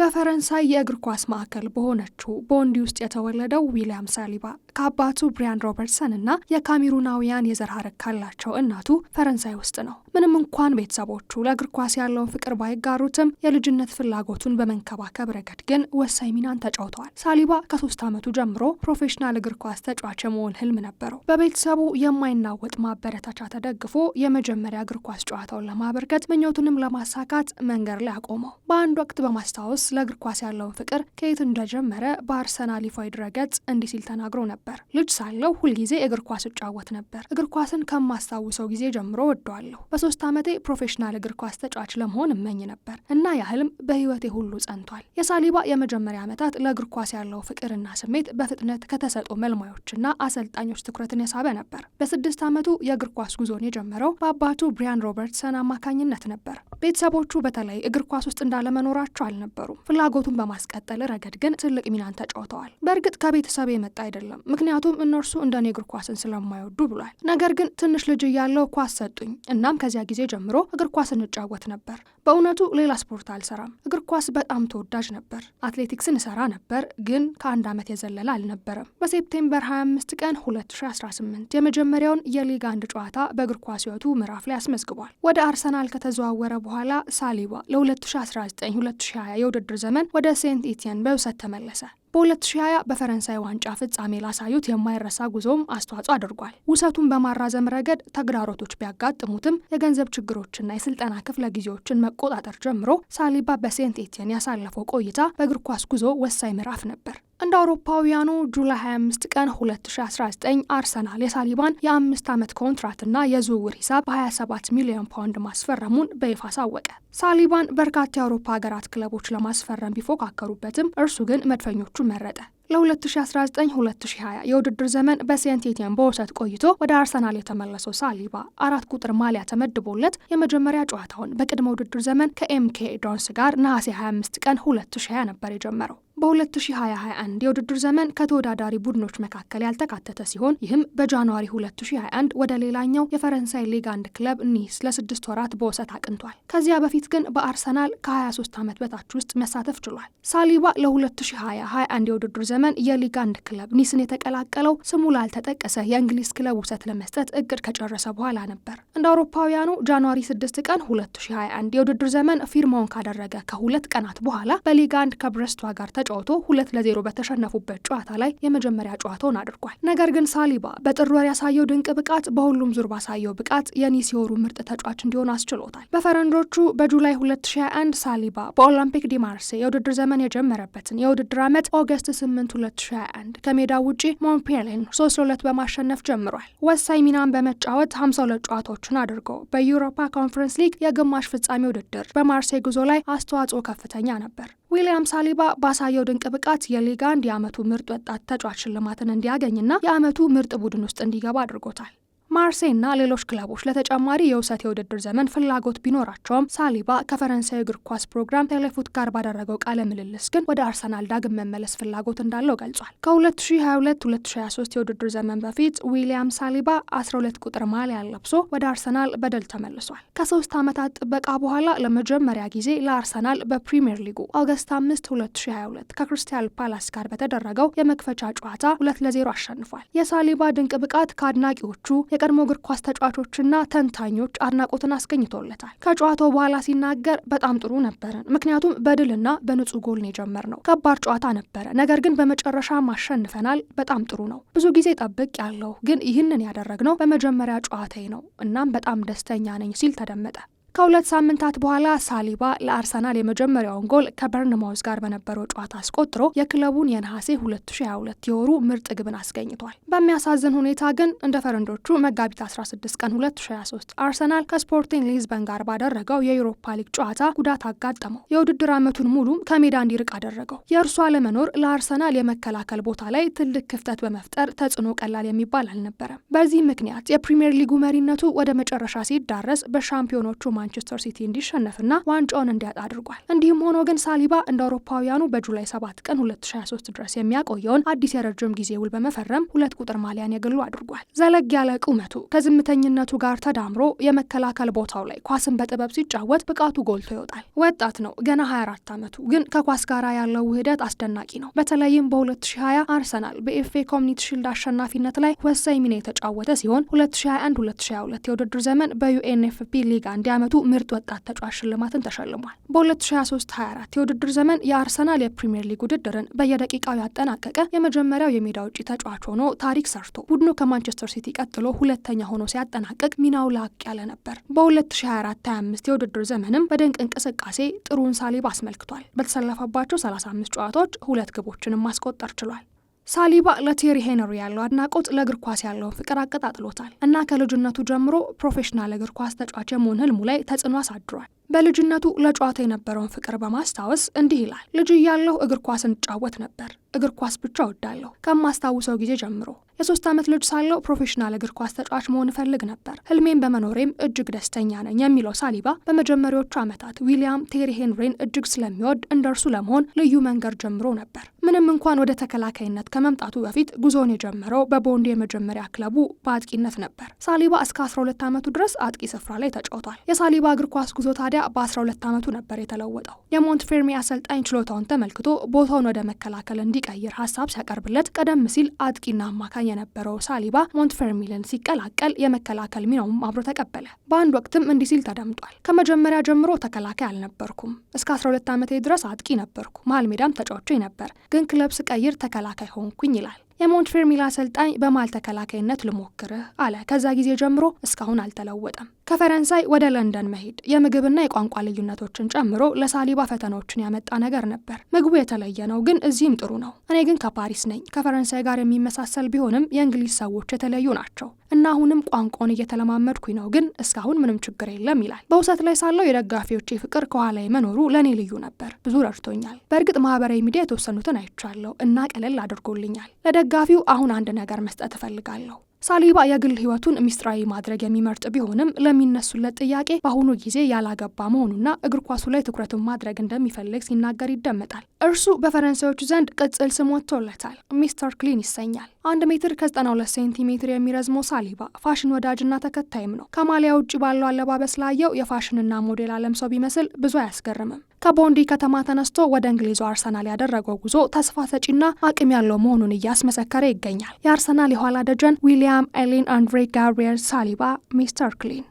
በፈረንሳይ የእግር ኳስ ማዕከል በሆነችው ቦንዲ ውስጥ የተወለደው ዊሊያም ሳሊባ ከአባቱ ብሪያን ሮበርትሰን እና የካሜሩናውያን የዘር ሐረግ ካላቸው እናቱ ፈረንሳይ ውስጥ ነው። ምንም እንኳን ቤተሰቦቹ ለእግር ኳስ ያለውን ፍቅር ባይጋሩትም የልጅነት ፍላጎቱን በመንከባከብ ረገድ ግን ወሳኝ ሚናን ተጫውተዋል። ሳሊባ ከሶስት ዓመቱ ጀምሮ ፕሮፌሽናል እግር ኳስ ተጫዋች የመሆን ህልም ነበረው። በቤተሰቡ የማይናወጥ ማበረታቻ ተደግፎ የመጀመሪያ እግር ኳስ ጨዋታውን ለማበርከት ምኞቱንም ለማሳካት መንገድ ላይ አቆመው። በአንድ ወቅት በማስታወስ ሉዊስ ለእግር ኳስ ያለውን ፍቅር ከየት እንደጀመረ በአርሰናል ይፋዊ ድረገጽ እንዲህ ሲል ተናግሮ ነበር። ልጅ ሳለው ሁልጊዜ እግር ኳስ እጫወት ነበር። እግር ኳስን ከማስታውሰው ጊዜ ጀምሮ ወደዋለሁ። በሶስት ዓመቴ ፕሮፌሽናል እግር ኳስ ተጫዋች ለመሆን እመኝ ነበር እና ያህልም በህይወቴ ሁሉ ጸንቷል። የሳሊባ የመጀመሪያ ዓመታት ለእግር ኳስ ያለው ፍቅርና ስሜት በፍጥነት ከተሰጡ መልማዮችና አሰልጣኞች ትኩረትን የሳበ ነበር። በስድስት ዓመቱ የእግር ኳስ ጉዞን የጀመረው በአባቱ ብሪያን ሮበርትሰን አማካኝነት ነበር። ቤተሰቦቹ በተለይ እግር ኳስ ውስጥ እንዳለመኖራቸው አልነበሩ። ፍላጎቱን በማስቀጠል ረገድ ግን ትልቅ ሚናን ተጫውተዋል። በእርግጥ ከቤተሰብ የመጣ አይደለም፣ ምክንያቱም እነርሱ እንደኔ እግር ኳስን ስለማይወዱ ብሏል። ነገር ግን ትንሽ ልጅ እያለው ኳስ ሰጡኝ። እናም ከዚያ ጊዜ ጀምሮ እግር ኳስ እንጫወት ነበር። በእውነቱ ሌላ ስፖርት አልሰራም። እግር ኳስ በጣም ተወዳጅ ነበር። አትሌቲክስን እሰራ ነበር፣ ግን ከአንድ ዓመት የዘለለ አልነበረም። በሴፕቴምበር 25 ቀን 2018 የመጀመሪያውን የሊግ አንድ ጨዋታ በእግር ኳስ ህይወቱ ምዕራፍ ላይ አስመዝግቧል። ወደ አርሰናል ከተዘዋወረ በኋላ ሳሊባ ለ2019 2020 የውድድር ዘመን ወደ ሴንት ኢቲየን በውሰት ተመለሰ። በ2020 በፈረንሳይ ዋንጫ ፍጻሜ ላሳዩት የማይረሳ ጉዞም አስተዋጽኦ አድርጓል። ውሰቱን በማራዘም ረገድ ተግዳሮቶች ቢያጋጥሙትም የገንዘብ ችግሮችና የስልጠና ክፍለ ጊዜዎችን መቆጣጠር ጀምሮ ሳሊባ በሴንት ኤቲየን ያሳለፈው ቆይታ በእግር ኳስ ጉዞ ወሳኝ ምዕራፍ ነበር። እንደ አውሮፓውያኑ ጁላይ 25 ቀን 2019 አርሰናል የሳሊባን የአምስት ዓመት ኮንትራትና የዝውውር ሂሳብ በ27 ሚሊዮን ፓውንድ ማስፈረሙን በይፋ አሳወቀ። ሳሊባን በርካታ የአውሮፓ ሀገራት ክለቦች ለማስፈረም ቢፎካከሩበትም እርሱ ግን መድፈኞቹ መረጠ። ለ2019-2020 የውድድር ዘመን በሴንቴቲያን በውሰት ቆይቶ ወደ አርሰናል የተመለሰው ሳሊባ አራት ቁጥር ማሊያ ተመድቦለት የመጀመሪያ ጨዋታውን በቅድመ ውድድር ዘመን ከኤምኬ ዶንስ ጋር ነሐሴ 25 ቀን 2020 ነበር የጀመረው። በ 2021 የውድድር ዘመን ከተወዳዳሪ ቡድኖች መካከል ያልተካተተ ሲሆን ይህም በጃንዋሪ 2021 ወደ ሌላኛው የፈረንሳይ ሊግ አንድ ክለብ ኒስ ለስድስት ወራት በውሰት አቅንቷል። ከዚያ በፊት ግን በአርሰናል ከ23 ዓመት በታች ውስጥ መሳተፍ ችሏል። ሳሊባ ለ 2021 የውድድር ዘመን የሊግ አንድ ክለብ ኒስን የተቀላቀለው ስሙ ላልተጠቀሰ የእንግሊዝ ክለብ ውሰት ለመስጠት እቅድ ከጨረሰ በኋላ ነበር። እንደ አውሮፓውያኑ ጃንዋሪ 6 ቀን 2021 የውድድር ዘመን ፊርማውን ካደረገ ከሁለት ቀናት በኋላ በሊግ አንድ ከብረስቷ ጋር ተጫ ተጫውቶ ሁለት ለዜሮ በተሸነፉበት ጨዋታ ላይ የመጀመሪያ ጨዋታውን አድርጓል። ነገር ግን ሳሊባ በጥር ወር ያሳየው ድንቅ ብቃት በሁሉም ዙር ባሳየው ብቃት የኒስ የወሩ ምርጥ ተጫዋች እንዲሆን አስችሎታል። በፈረንጆቹ በጁላይ 2021 ሳሊባ በኦሎምፒክ ዲማርሴ የውድድር ዘመን የጀመረበትን የውድድር ዓመት ኦገስት 8 2021 ከሜዳ ውጪ ሞንፔሌን 3 ለ2 በማሸነፍ ጀምሯል። ወሳኝ ሚናን በመጫወት 52 ጨዋታዎችን አድርጎ በዩሮፓ ኮንፈረንስ ሊግ የግማሽ ፍጻሜ ውድድር በማርሴይ ጉዞ ላይ አስተዋጽኦ ከፍተኛ ነበር። ዊሊያም ሳሊባ ባሳየው ድንቅ ብቃት የሊግ አንድ የዓመቱ ምርጥ ወጣት ተጫዋች ሽልማትን እንዲያገኝና የዓመቱ ምርጥ ቡድን ውስጥ እንዲገባ አድርጎታል። ማርሴይና ሌሎች ክለቦች ለተጨማሪ የውሰት የውድድር ዘመን ፍላጎት ቢኖራቸውም ሳሊባ ከፈረንሳይ እግር ኳስ ፕሮግራም ቴሌፉት ጋር ባደረገው ቃለ ምልልስ ግን ወደ አርሰናል ዳግም መመለስ ፍላጎት እንዳለው ገልጿል። ከ2022/2023 የውድድር ዘመን በፊት ዊሊያም ሳሊባ 12 ቁጥር ማሊያ ለብሶ ወደ አርሰናል በድል ተመልሷል። ከሶስት ዓመታት ጥበቃ በኋላ ለመጀመሪያ ጊዜ ለአርሰናል በፕሪምየር ሊጉ ኦገስት 5 2022 ከክሪስታል ፓላስ ጋር በተደረገው የመክፈቻ ጨዋታ 2 ለ0 አሸንፏል። የሳሊባ ድንቅ ብቃት ከአድናቂዎቹ የቀድሞ እግር ኳስ ተጫዋቾችና ተንታኞች አድናቆትን አስገኝቶለታል። ከጨዋታው በኋላ ሲናገር በጣም ጥሩ ነበረን፣ ምክንያቱም በድልና በንጹህ ጎል ነው የጀመርነው። ከባድ ጨዋታ ነበረ፣ ነገር ግን በመጨረሻም አሸንፈናል። በጣም ጥሩ ነው። ብዙ ጊዜ ጠብቅ ያለው ግን ይህንን ያደረግነው በመጀመሪያ ጨዋታዬ ነው። እናም በጣም ደስተኛ ነኝ ሲል ተደመጠ። ከሁለት ሳምንታት በኋላ ሳሊባ ለአርሰናል የመጀመሪያውን ጎል ከበርንማውዝ ጋር በነበረው ጨዋታ አስቆጥሮ የክለቡን የነሐሴ 2022 የወሩ ምርጥ ግብን አስገኝቷል። በሚያሳዝን ሁኔታ ግን እንደ ፈረንዶቹ መጋቢት 16 ቀን 2023 አርሰናል ከስፖርቲንግ ሊዝበን ጋር ባደረገው የዩሮፓ ሊግ ጨዋታ ጉዳት አጋጠመው። የውድድር ዓመቱን ሙሉ ከሜዳ እንዲርቅ አደረገው። የእርሱ አለመኖር ለአርሰናል የመከላከል ቦታ ላይ ትልቅ ክፍተት በመፍጠር ተጽዕኖ ቀላል የሚባል አልነበረም። በዚህ ምክንያት የፕሪምየር ሊጉ መሪነቱ ወደ መጨረሻ ሲዳረስ በሻምፒዮኖቹ ማንቸስተር ሲቲ እንዲሸነፍና ዋንጫውን እንዲያጣ አድርጓል። ሆኖ ግን ሳሊባ እንደ አውሮፓውያኑ በጁላይ 7 ቀን 2023 ድረስ የሚያቆየውን አዲስ የረጅም ጊዜ ውል በመፈረም ሁለት ቁጥር ማሊያን የግሉ አድርጓል። ዘለግ ያለ ቁመቱ ከዝምተኝነቱ ጋር ተዳምሮ የመከላከል ቦታው ላይ ኳስን በጥበብ ሲጫወት ብቃቱ ጎልቶ ይወጣል። ወጣት ነው፣ ገና 24 ዓመቱ ግን ከኳስ ጋር ያለው ውህደት አስደናቂ ነው። በተለይም በ2020 አርሰናል በኤፌ ኮሚኒቲ ሺልድ አሸናፊነት ላይ ወሳኝ ሚና የተጫወተ ሲሆን 2021 2022 የውድድር ዘመን በዩኤንኤፍፒ ሊጋ እንዲያመጡ በዓመቱ ምርጥ ወጣት ተጫዋች ሽልማትን ተሸልሟል። በ2023/24 የውድድር ዘመን የአርሰናል የፕሪምየር ሊግ ውድድርን በየደቂቃው ያጠናቀቀ የመጀመሪያው የሜዳ ውጪ ተጫዋች ሆኖ ታሪክ ሰርቶ ቡድኑ ከማንቸስተር ሲቲ ቀጥሎ ሁለተኛ ሆኖ ሲያጠናቅቅ ሚናው ላቅ ያለ ነበር። በ2024/25 የውድድር ዘመንም በድንቅ እንቅስቃሴ ጥሩን ሳሊባ አስመልክቷል። በተሰለፈባቸው 35 ጨዋታዎች ሁለት ግቦችንም ማስቆጠር ችሏል። ሳሊባ ለቴሪ ሄነሪ ያለው አድናቆት ለእግር ኳስ ያለውን ፍቅር አቀጣጥሎታል እና ከልጅነቱ ጀምሮ ፕሮፌሽናል እግር ኳስ ተጫዋች የመሆን ህልሙ ላይ ተጽዕኖ አሳድሯል። በልጅነቱ ለጨዋታ የነበረውን ፍቅር በማስታወስ እንዲህ ይላል። ልጅ እያለሁ እግር ኳስ እንጫወት ነበር እግር ኳስ ብቻ እወዳለሁ ከማስታውሰው ጊዜ ጀምሮ የሶስት ዓመት ልጅ ሳለው ፕሮፌሽናል እግር ኳስ ተጫዋች መሆን እፈልግ ነበር። ህልሜን በመኖሬም እጅግ ደስተኛ ነኝ የሚለው ሳሊባ በመጀመሪያዎቹ ዓመታት ዊሊያም ቴሪ ሄንሪን እጅግ ስለሚወድ እንደርሱ ለመሆን ልዩ መንገድ ጀምሮ ነበር። ምንም እንኳን ወደ ተከላካይነት ከመምጣቱ በፊት ጉዞውን የጀመረው በቦንድ የመጀመሪያ ክለቡ በአጥቂነት ነበር። ሳሊባ እስከ 12 ዓመቱ ድረስ አጥቂ ስፍራ ላይ ተጫውቷል። የሳሊባ እግር ኳስ ጉዞ ታዲያ በ12 ዓመቱ ነበር የተለወጠው። የሞንት ፌርሚ አሰልጣኝ ችሎታውን ተመልክቶ ቦታውን ወደ መከላከል እንዲ እንዲቀይር ሀሳብ ሲያቀርብለት ቀደም ሲል አጥቂና አማካኝ የነበረው ሳሊባ ሞንትፌርሚልን ሲቀላቀል የመከላከል ሚናውም አብሮ ተቀበለ። በአንድ ወቅትም እንዲህ ሲል ተደምጧል። ከመጀመሪያ ጀምሮ ተከላካይ አልነበርኩም። እስከ 12 ዓመቴ ድረስ አጥቂ ነበርኩ። መሀል ሜዳም ተጫውቼ ነበር፣ ግን ክለብ ስቀይር ተከላካይ ሆንኩኝ ይላል። የሞንትፌርሚል አሰልጣኝ በማል ተከላካይነት ልሞክርህ አለ። ከዛ ጊዜ ጀምሮ እስካሁን አልተለወጠም። ከፈረንሳይ ወደ ለንደን መሄድ የምግብና የቋንቋ ልዩነቶችን ጨምሮ ለሳሊባ ፈተናዎችን ያመጣ ነገር ነበር። ምግቡ የተለየ ነው፣ ግን እዚህም ጥሩ ነው። እኔ ግን ከፓሪስ ነኝ። ከፈረንሳይ ጋር የሚመሳሰል ቢሆንም የእንግሊዝ ሰዎች የተለዩ ናቸው እና አሁንም ቋንቋውን እየተለማመድኩኝ ነው፣ ግን እስካሁን ምንም ችግር የለም ይላል። በውሰት ላይ ሳለው የደጋፊዎቼ ፍቅር ከኋላ መኖሩ ለእኔ ልዩ ነበር፣ ብዙ ረድቶኛል። በእርግጥ ማህበራዊ ሚዲያ የተወሰኑትን አይቻለሁ እና ቀለል አድርጎልኛል። ለደጋፊው አሁን አንድ ነገር መስጠት እፈልጋለሁ። ሳሊባ የግል ህይወቱን ሚስጥራዊ ማድረግ የሚመርጥ ቢሆንም ለሚነሱለት ጥያቄ በአሁኑ ጊዜ ያላገባ መሆኑና እግር ኳሱ ላይ ትኩረቱን ማድረግ እንደሚፈልግ ሲናገር ይደመጣል። እርሱ በፈረንሳዮቹ ዘንድ ቅጽል ስም ወጥቶለታል፣ ሚስተር ክሊን ይሰኛል። አንድ ሜትር ከ92 ሴንቲሜትር የሚረዝመው ሳሊባ ፋሽን ወዳጅና ተከታይም ነው። ከማሊያ ውጭ ባለው አለባበስ ላየው የፋሽንና ሞዴል አለም ሰው ቢመስል ብዙ አያስገርምም። ከቦንዲ ከተማ ተነስቶ ወደ እንግሊዙ አርሰናል ያደረገው ጉዞ ተስፋ ሰጪና አቅም ያለው መሆኑን እያስመሰከረ ይገኛል። የአርሰናል የኋላ ደጀን ዊሊያም ኤሊን፣ አንድሬ፣ ጋብሪኤል ሳሊባ፣ ሚስተር ክሊን